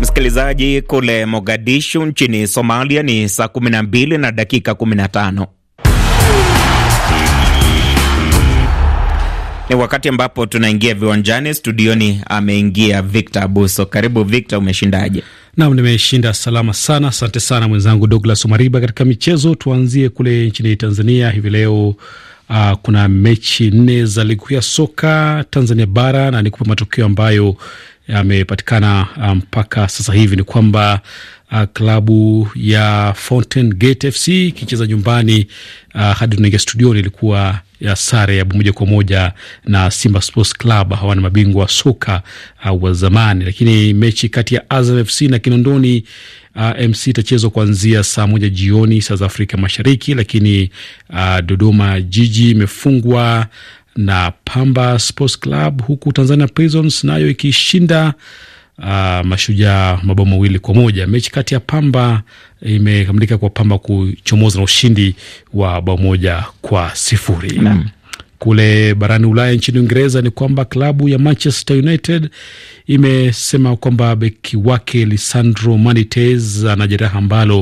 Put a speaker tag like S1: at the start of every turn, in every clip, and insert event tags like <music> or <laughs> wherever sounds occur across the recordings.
S1: Msikilizaji kule Mogadishu nchini Somalia ni saa 12 na dakika 15. Ni wakati ambapo tunaingia viwanjani. Studioni ameingia Victor Abuso. Karibu Victor, umeshindaje?
S2: Nam, nimeshinda salama sana, asante sana mwenzangu Douglas Omariba. Katika michezo, tuanzie kule nchini Tanzania hivi leo. Uh, kuna mechi nne za ligi kuu ya soka Tanzania bara na nikupe matokeo ambayo yamepatikana ah, mpaka um, sasa hivi ni kwamba uh, klabu ya Fountain Gate FC ikicheza nyumbani uh, hadi tunaingia studioni ilikuwa ya sare ya moja kwa moja na Simba Sports Club. Hawa ni mabingwa wa soka uh, wa zamani, lakini mechi kati ya Azam FC na Kinondoni uh, MC itachezwa kuanzia saa moja jioni saa za Afrika Mashariki, lakini uh, Dodoma Jiji imefungwa na Pamba Sports Club, huku Tanzania Prisons nayo na ikishinda uh, Mashujaa mabao mawili kwa moja. Mechi kati ya Pamba imekamilika kwa Pamba kuchomoza na ushindi wa bao moja kwa sifuri. mm. Kule barani Ulaya, nchini Uingereza, ni kwamba klabu ya Manchester United imesema kwamba beki wake Lisandro Martinez ana jeraha ambalo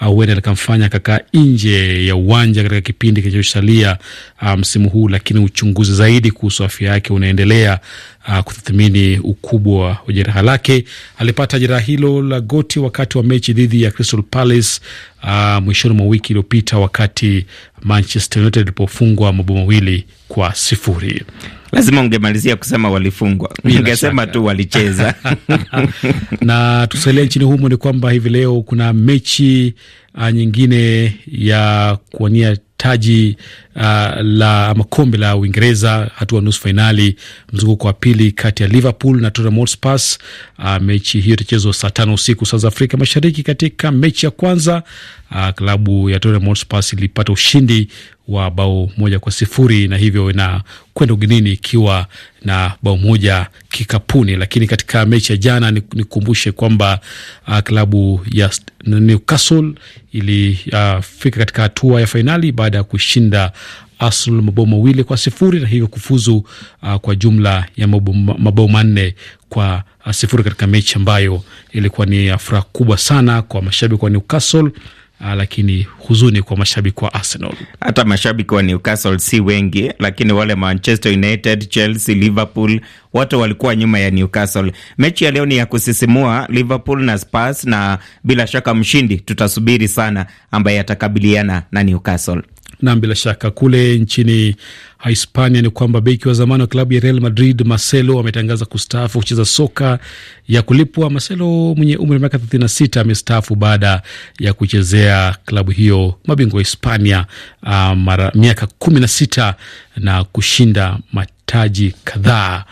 S2: uh, huenda uh, likamfanya kakaa nje ya uwanja katika kipindi kinachosalia uh, msimu um, huu, lakini uchunguzi zaidi kuhusu afya yake unaendelea uh, kutathmini ukubwa wa jeraha lake. Alipata jeraha hilo la goti wakati wa mechi dhidi ya Crystal Palace uh, mwishoni mwa wiki iliyopita wakati Manchester United ilipofungwa mabao mawili kwa sifuri. Lazima ungemalizia kusema walifungwa, ungesema tu
S1: walicheza. <laughs>
S2: <laughs> Na tusalia nchini humo, ni kwamba hivi leo kuna mechi uh, nyingine ya kuwania taji uh, la ama kombe la Uingereza, hatua nusu fainali, mzunguko wa pili kati ya Liverpool na Tottenham Hotspur. Uh, mechi hiyo itachezwa saa tano usiku saa za Afrika Mashariki. Katika mechi ya kwanza uh, klabu ya Tottenham Hotspur ilipata ushindi wa bao moja kwa sifuri na hivyo na kwenda ugenini ikiwa na bao moja kikapuni. Lakini katika mechi ya jana, nikumbushe kwamba uh, klabu ya Newcastle ilifika uh, katika hatua ya fainali baada ya kushinda Arsenal mabao mawili kwa sifuri na hivyo kufuzu uh, kwa jumla ya mabao manne kwa uh, sifuri katika mechi ambayo ilikuwa ni furaha kubwa sana kwa mashabiki wa Newcastle Uh, lakini huzuni kwa mashabiki wa Arsenal.
S1: Hata mashabiki wa Newcastle si wengi, lakini wale Manchester United, Chelsea, Liverpool wote walikuwa nyuma ya Newcastle. Mechi ya leo ni ya kusisimua, Liverpool na Spurs, na bila shaka mshindi tutasubiri sana ambaye atakabiliana na Newcastle
S2: na bila shaka kule nchini Hispania ni kwamba beki wa zamani wa klabu ya Real Madrid Marcelo ametangaza kustaafu kucheza soka ya kulipwa. Marcelo mwenye umri wa miaka 36 amestaafu baada ya kuchezea klabu hiyo mabingwa wa Hispania uh, mara miaka 16 na kushinda mataji kadhaa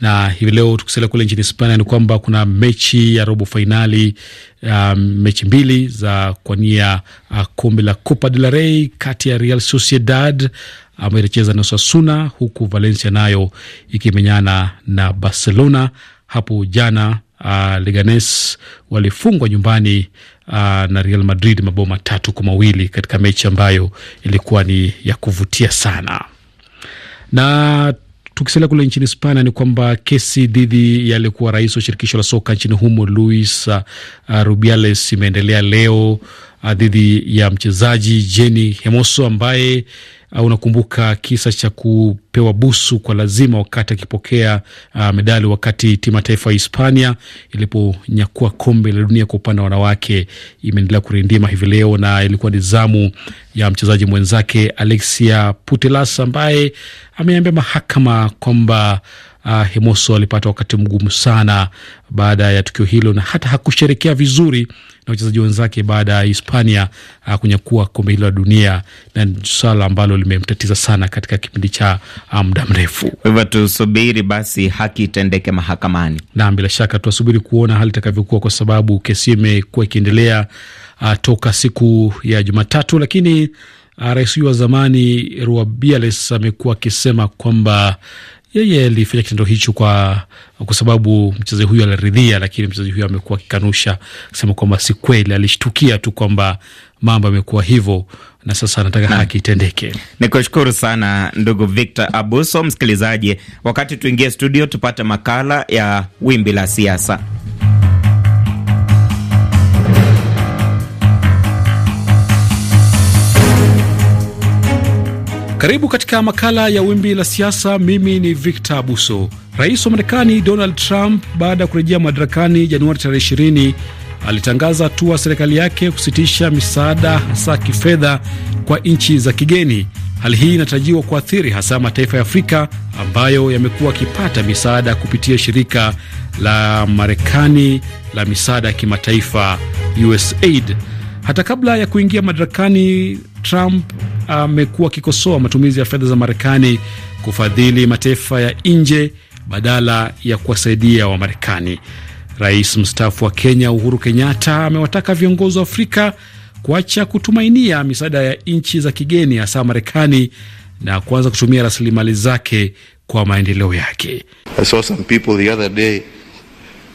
S2: na hivi leo tukisalia kule nchini Hispania ni kwamba kuna mechi ya robo fainali um, mechi mbili za kuania uh, kombe la Copa del Rey kati ya Real Sociedad ambayo itacheza na Osasuna, huku Valencia nayo ikimenyana na Barcelona. Hapo jana uh, Leganes walifungwa nyumbani uh, na Real Madrid mabao matatu kwa mawili katika mechi ambayo ilikuwa ni ya kuvutia sana na Tukisalia kule nchini Hispania ni kwamba kesi dhidi ya aliyekuwa rais wa shirikisho la soka nchini humo Luis uh, Rubiales imeendelea leo Uh, dhidi ya mchezaji Jeni Hemoso ambaye Uh, unakumbuka kisa cha kupewa busu kwa lazima wakati akipokea uh, medali wakati timu ya taifa ya Hispania iliponyakua kombe la dunia kwa upande wa wanawake. Imeendelea kurindima hivi leo na ilikuwa ni zamu ya mchezaji mwenzake Alexia Putelas ambaye ameambia mahakama kwamba uh, Hemoso alipata wakati mgumu sana baada ya tukio hilo, na hata hakusherekea vizuri na wachezaji wenzake baada ya Hispania uh, kunyakua kombe hilo la dunia, na swala ambalo limemtatiza sana katika kipindi cha ah, muda um, mrefu. Kwa hivyo tusubiri basi haki itendeke mahakamani, na bila shaka tuwasubiri kuona hali itakavyokuwa, kwa sababu kesi imekuwa ikiendelea uh, toka siku ya Jumatatu, lakini rais huyu wa zamani Ruabiales amekuwa akisema kwamba yeye alifanya kitendo hicho kwa kwa sababu mchezaji huyu aliridhia, lakini mchezaji huyo amekuwa akikanusha kusema kwamba si kweli, alishtukia tu kwamba mambo yamekuwa hivyo na sasa anataka haki itendeke.
S1: Ni kushukuru sana ndugu Victor Abuso. Msikilizaji, wakati tuingie studio tupate makala ya wimbi la siasa.
S2: Karibu katika makala ya wimbi la siasa. Mimi ni Victor Abuso. Rais wa Marekani Donald Trump baada ya kurejea madarakani Januari tarehe 20 alitangaza hatua serikali yake kusitisha misaada hasa kifedha kwa nchi za kigeni. Hali hii inatarajiwa kuathiri hasa mataifa ya Afrika ambayo yamekuwa yakipata misaada kupitia shirika la Marekani la misaada ya kimataifa USAID. Hata kabla ya kuingia madarakani, Trump amekuwa akikosoa matumizi ya fedha za Marekani kufadhili mataifa ya nje badala ya kuwasaidia Wamarekani. Rais mstaafu wa Kenya Uhuru Kenyatta amewataka viongozi wa Afrika kuacha kutumainia misaada ya nchi za kigeni hasa Marekani na kuanza kutumia rasilimali zake kwa maendeleo yake.
S3: I saw some people the other day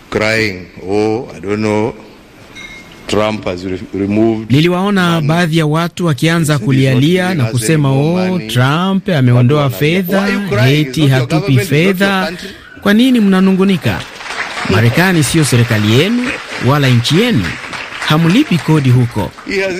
S3: crying, oh, I don't know. Trump has removed.
S1: Niliwaona baadhi ya watu wakianza kulialia na kusema oh, Trump ameondoa fedha, heti hatupi fedha. Kwa nini mnanungunika? Marekani siyo serikali yenu wala nchi yenu hamlipi kodi huko.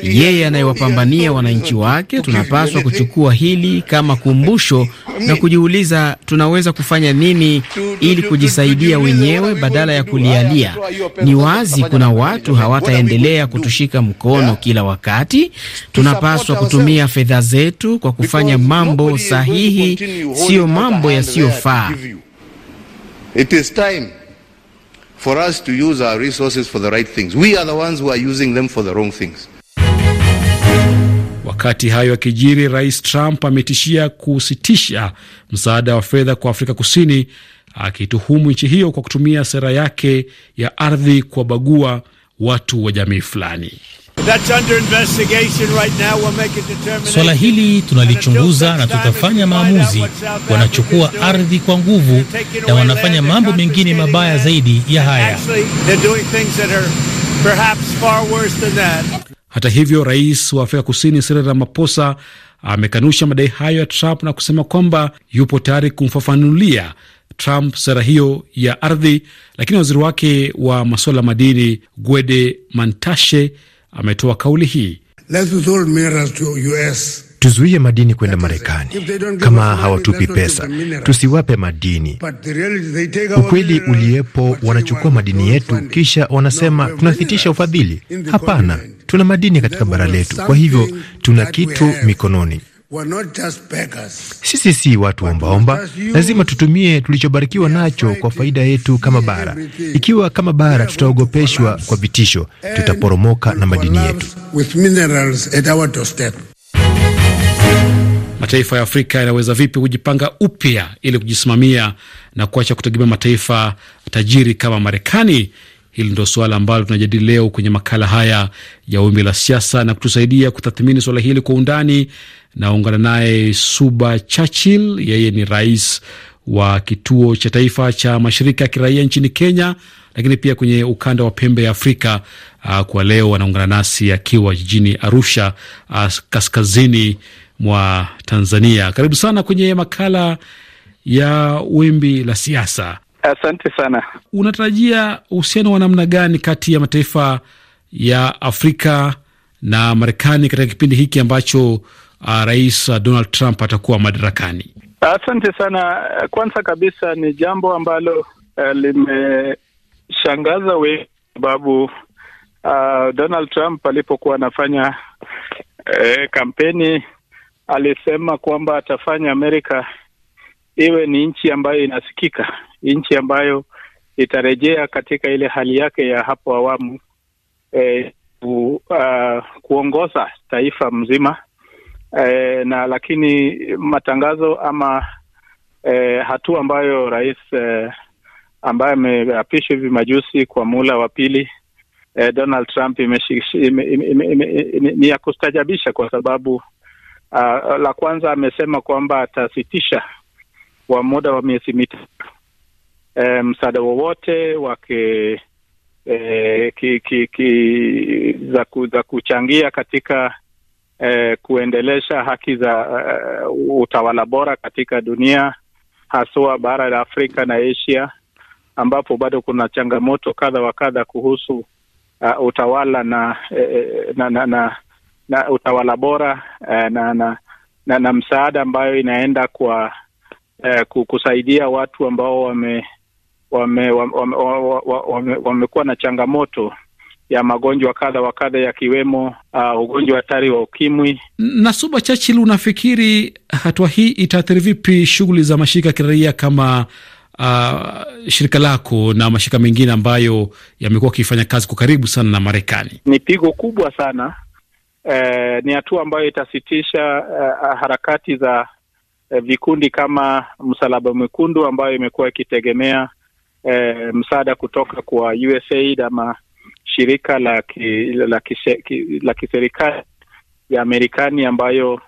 S1: Yeye anayewapambania wananchi wake, tunapaswa kuchukua hili kama kumbusho na kujiuliza tunaweza kufanya nini ili kujisaidia wenyewe badala ya kulialia. Ni wazi kuna watu hawataendelea kutushika mkono kila wakati. Tunapaswa kutumia fedha zetu kwa kufanya mambo sahihi, siyo mambo yasiyofaa.
S3: It is time for us to use our resources for the right things. We are the ones who are using them for the wrong things.
S2: Wakati hayo akijiri, Rais Trump ametishia kusitisha msaada wa fedha kwa Afrika Kusini, akituhumu nchi hiyo kwa kutumia sera yake ya ardhi kuwabagua watu wa jamii fulani. swala hili tunalichunguza na tutafanya maamuzi. Wanachukua ardhi kwa nguvu na wanafanya mambo mengine mabaya zaidi ya haya. Hata hivyo, rais wa Afrika Kusini Cyril Ramaphosa amekanusha madai hayo ya Trump na kusema kwamba yupo tayari kumfafanulia Trump sera hiyo ya ardhi, lakini waziri wake wa masuala ya madini Gwede Mantashe ametoa kauli hii: tuzuie madini kwenda Marekani kama hawatupi pesa, tusiwape madini. Ukweli uliyepo wanachukua madini yetu
S1: kisha wanasema tunathitisha ufadhili. Hapana, tuna madini katika bara letu, kwa hivyo
S3: tuna kitu mikononi. Sisi si watu ombaomba, lazima tutumie tulichobarikiwa nacho kwa faida yetu kama bara. Ikiwa kama bara tutaogopeshwa kwa vitisho, tutaporomoka na madini yetu.
S2: Mataifa ya Afrika yanaweza vipi kujipanga upya ili kujisimamia na kuacha kutegemea mataifa tajiri kama Marekani? Hili ndio suala ambalo tunajadili leo kwenye makala haya ya Wimbi la Siasa, na kutusaidia kutathmini suala hili kwa undani Naungana naye Suba Churchill, yeye ni rais wa kituo cha taifa cha mashirika ya kiraia nchini Kenya, lakini pia kwenye ukanda wa pembe ya Afrika. Uh, kwa leo anaungana nasi akiwa jijini Arusha, uh, kaskazini mwa Tanzania. Karibu sana kwenye makala ya wimbi la siasa. Asante sana. Unatarajia uhusiano wa namna gani kati ya mataifa ya Afrika na Marekani katika kipindi hiki ambacho uh, Rais Donald Trump atakuwa madarakani?
S3: Asante sana. Kwanza kabisa ni jambo ambalo uh, limeshangaza wengi sababu uh, Donald Trump alipokuwa anafanya uh, kampeni alisema kwamba atafanya Amerika iwe ni nchi ambayo inasikika, nchi ambayo itarejea katika ile hali yake ya hapo awamu eh, ku, uh, kuongoza taifa mzima e, na lakini matangazo ama e, hatua ambayo rais e, ambaye ameapishwa hivi majusi kwa mula wa pili e, Donald Trump ni ya kustajabisha kwa sababu Uh, la kwanza amesema kwamba atasitisha kwa muda wa miezi mitatu e, msaada wowote wa e, ki, ki, ki, za, ku, za kuchangia katika eh, kuendelesha haki za uh, utawala bora katika dunia haswa bara la Afrika na Asia, ambapo bado kuna changamoto kadha wa kadha kuhusu uh, utawala na, eh, na, na, na, na utawala bora eh, na, na, na, na msaada ambayo inaenda kwa eh, kusaidia watu ambao wame wamekuwa wame, wame, wame, wame na changamoto ya magonjwa kadha wa kadha yakiwemo uh, ugonjwa hatari wa ukimwi.
S2: Na Suba Churchill, unafikiri hatua hii itaathiri vipi shughuli za mashirika ya kiraia kama Uh, shirika lako na mashirika mengine ambayo yamekuwa akifanya kazi kwa karibu sana na Marekani.
S3: Ni pigo kubwa sana eh, ni hatua ambayo itasitisha eh, harakati za eh, vikundi kama Msalaba Mwekundu ambayo imekuwa ikitegemea eh, msaada kutoka kwa USAID ama shirika la ki, la, kise, ki, la kiserikali ya Amerikani ambayo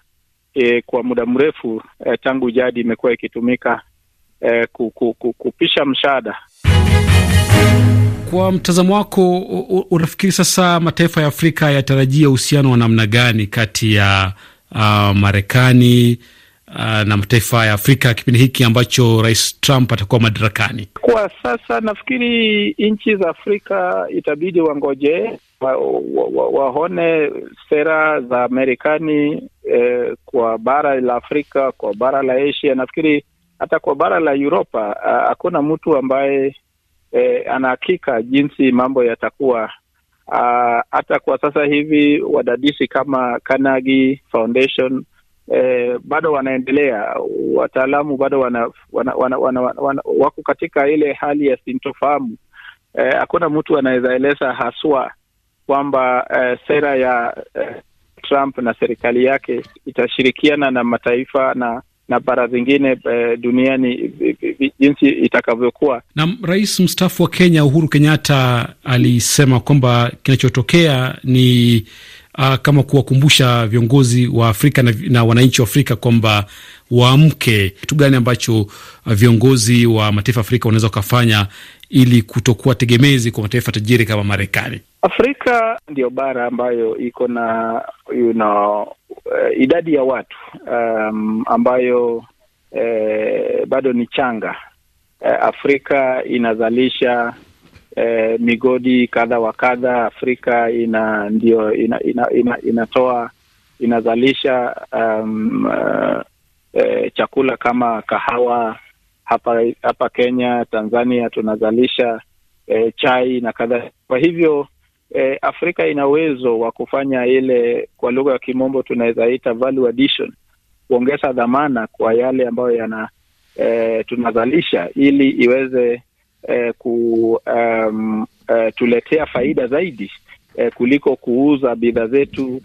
S3: e, kwa muda mrefu e, tangu jadi imekuwa ikitumika e, kupisha mshada.
S2: Kwa mtazamo wako, unafikiri sasa mataifa ya Afrika yatarajia uhusiano wa namna gani kati ya uh, Marekani Uh, na mataifa ya Afrika kipindi hiki ambacho Rais Trump atakuwa madarakani?
S3: Kwa sasa nafikiri nchi za Afrika itabidi wangoje waone wa, wa sera za Marekani eh, kwa bara la Afrika, kwa bara la Asia, nafikiri hata kwa bara la Uropa. Uh, hakuna mtu ambaye eh, anahakika jinsi mambo yatakuwa. Uh, hata kwa sasa hivi wadadisi kama Carnegie Foundation eh, bado wanaendelea. Wataalamu bado wana, wana, wana, wana, wana, wako katika ile hali ya sintofahamu. Eh, hakuna eh, mtu anaweza eleza haswa kwamba eh, sera ya eh, Trump na serikali yake itashirikiana na mataifa na na bara zingine e, duniani jinsi itakavyokuwa.
S2: Na rais mstaafu wa Kenya Uhuru Kenyatta alisema kwamba kinachotokea ni uh, kama kuwakumbusha viongozi wa Afrika na, na wananchi wa Afrika kwamba waamke. Kitu gani ambacho uh, viongozi wa mataifa Afrika wanaweza wakafanya ili kutokuwa tegemezi kwa mataifa tajiri kama Marekani?
S3: Afrika ndiyo bara ambayo iko na you know, uh, idadi ya watu um, ambayo uh, bado ni changa. Eh, Afrika inazalisha eh, migodi kadha wa kadha. Afrika ina ndio ina, ina, ina, inatoa inazalisha um, uh, eh, chakula kama kahawa hapa hapa Kenya, Tanzania tunazalisha eh, chai na kadha Kwa hivyo eh, Afrika ina uwezo wa kufanya ile, kwa lugha ya kimombo tunawezaita value addition, kuongeza dhamana kwa yale ambayo yana eh, tunazalisha ili iweze eh, kutuletea um, eh, faida zaidi eh, kuliko kuuza bidhaa zetu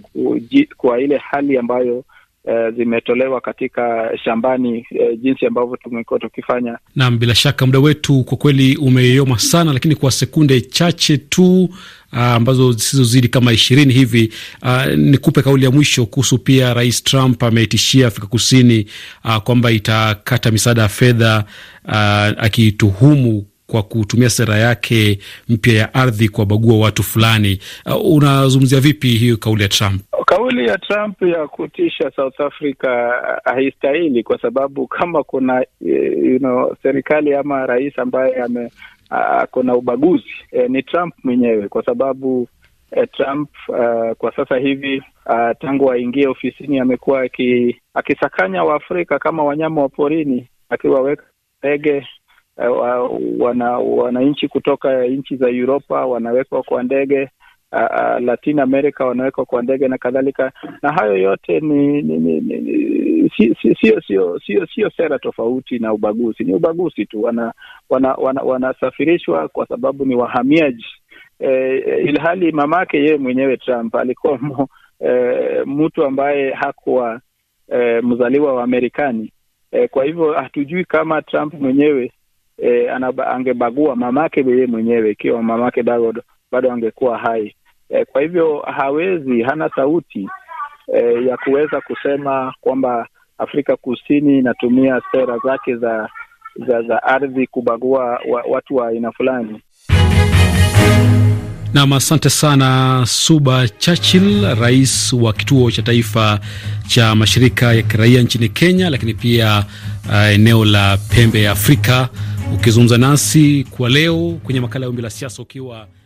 S3: kwa ile hali ambayo eh, zimetolewa katika shambani eh, jinsi ambavyo tumekuwa tukifanya.
S2: Naam, bila shaka muda wetu kwa kweli umeyoma sana, lakini kwa sekunde chache tu ah, ambazo uh, zisizozidi kama ishirini hivi uh, nikupe kauli ya mwisho kuhusu pia Rais Trump ametishia Afrika Kusini uh, kwamba itakata misaada ya fedha uh, akituhumu kwa kutumia sera yake mpya ya ardhi kuwabagua watu fulani. Uh, unazungumzia vipi hiyo kauli ya Trump?
S3: Kauli ya Trump ya kutisha South Africa uh, haistahili, kwa sababu kama kuna eh, you know, serikali ama rais ambaye ame uh, kuna ubaguzi e, ni Trump mwenyewe kwa sababu e, Trump uh, kwa sasa hivi uh, tangu aingie ofisini amekuwa akisakanya Waafrika kama wanyama wa porini, akiwaweka ndege Eh, wana wananchi kutoka nchi za Uropa wanawekwa kwa ndege uh, Latin America wanawekwa kwa ndege na kadhalika, na hayo yote ni, ni, ni, ni sio si, si, si, si, si, sera tofauti na ubaguzi, ni ubaguzi tu. Wana wanasafirishwa wana, wana kwa sababu ni wahamiaji eh, ilhali mamake yeye mwenyewe Trump alikuwa mu, eh, mtu ambaye hakuwa eh, mzaliwa wa Amerikani eh, kwa hivyo hatujui kama Trump mwenyewe e, anaba, angebagua mamake yeye mwenyewe, ikiwa mamake bado bado angekuwa hai e, kwa hivyo hawezi, hana sauti e, ya kuweza kusema kwamba Afrika Kusini inatumia sera zake za za, za ardhi kubagua wa, watu wa aina fulani.
S2: Nam, asante sana Suba Churchill, rais wa kituo cha taifa cha mashirika ya kiraia nchini Kenya, lakini pia uh, eneo la pembe ya Afrika, ukizungumza nasi kwa leo kwenye makala ya Wimbi la Siasa ukiwa